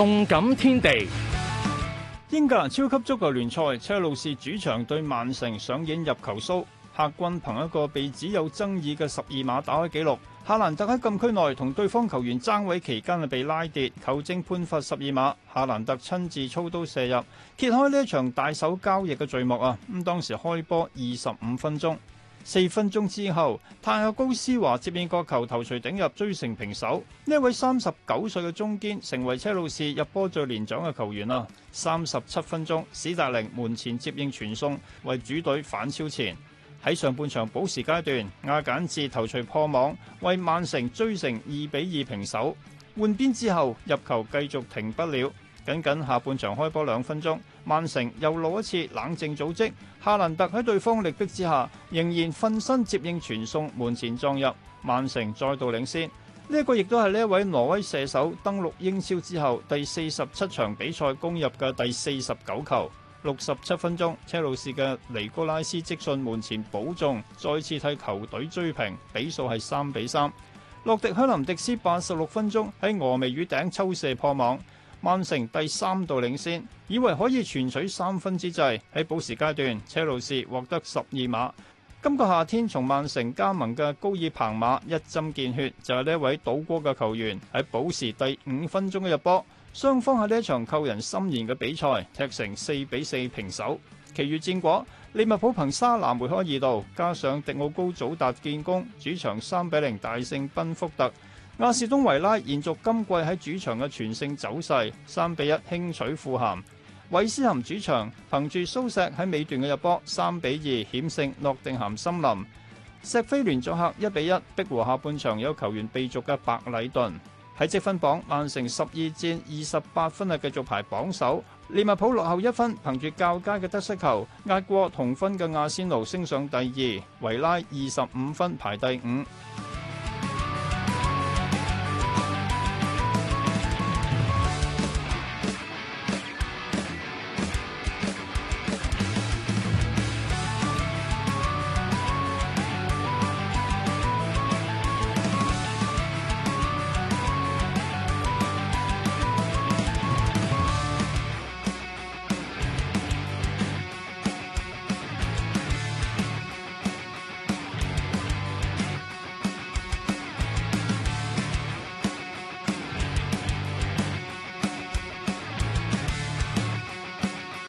動感天地，英格蘭超級足球聯賽，車路士主場對曼城上演入球騷，客軍憑一個被指有爭議嘅十二碼打開紀錄，夏蘭特喺禁區內同對方球員爭位期間被拉跌，球證判罰十二碼，夏蘭特親自操刀射入，揭開呢一場大手交易嘅序幕啊！咁當時開波二十五分鐘。四分鐘之後，泰亞高斯華接應角球頭槌頂入追成平手。呢位三十九歲嘅中堅成為車路士入波最年長嘅球員啊。三十七分鐘，史達寧門前接應傳送為主隊反超前。喺上半場補時階段，亞簡治頭槌破網為曼城追成二比二平手。換邊之後入球繼續停不了。僅僅下半場開波兩分鐘，曼城又露一次冷靜組織。夏蘭特喺對方力迫之下，仍然瞓身接應傳送門前撞入，曼城再度領先。呢一個亦都係呢一位挪威射手登陸英超之後第四十七場比賽攻入嘅第四十九球。六十七分鐘，車路士嘅尼哥拉斯積臣門前保中，再次替球隊追平，比數係三比三。洛迪克林迪斯八十六分鐘喺俄眉羽頂抽射破網。曼城第三度領先，以為可以全取三分之際，喺補時階段，車路士獲得十二碼。今個夏天從曼城加盟嘅高爾彭馬一針見血，就係、是、呢位倒戈嘅球員喺補時第五分鐘嘅入波。雙方喺呢一場扣人心弦嘅比賽踢成四比四平手。其餘戰果，利物浦憑沙拿梅開二度，加上迪奧高祖達建功，主場三比零大勝賓福特。亞士東維拉延續今季喺主場嘅全勝走勢，三比一輕取富咸；韋斯咸主場憑住蘇石喺尾段嘅入波，三比二險勝諾定咸森林；錫菲聯作客一比一逼和下半場有球員被逐嘅白禮頓。喺積分榜，曼城十二戰二十八分啊，繼續排榜首；利物浦落後一分，憑住較佳嘅得失球壓過同分嘅亞仙奴，升上第二；維拉二十五分排第五。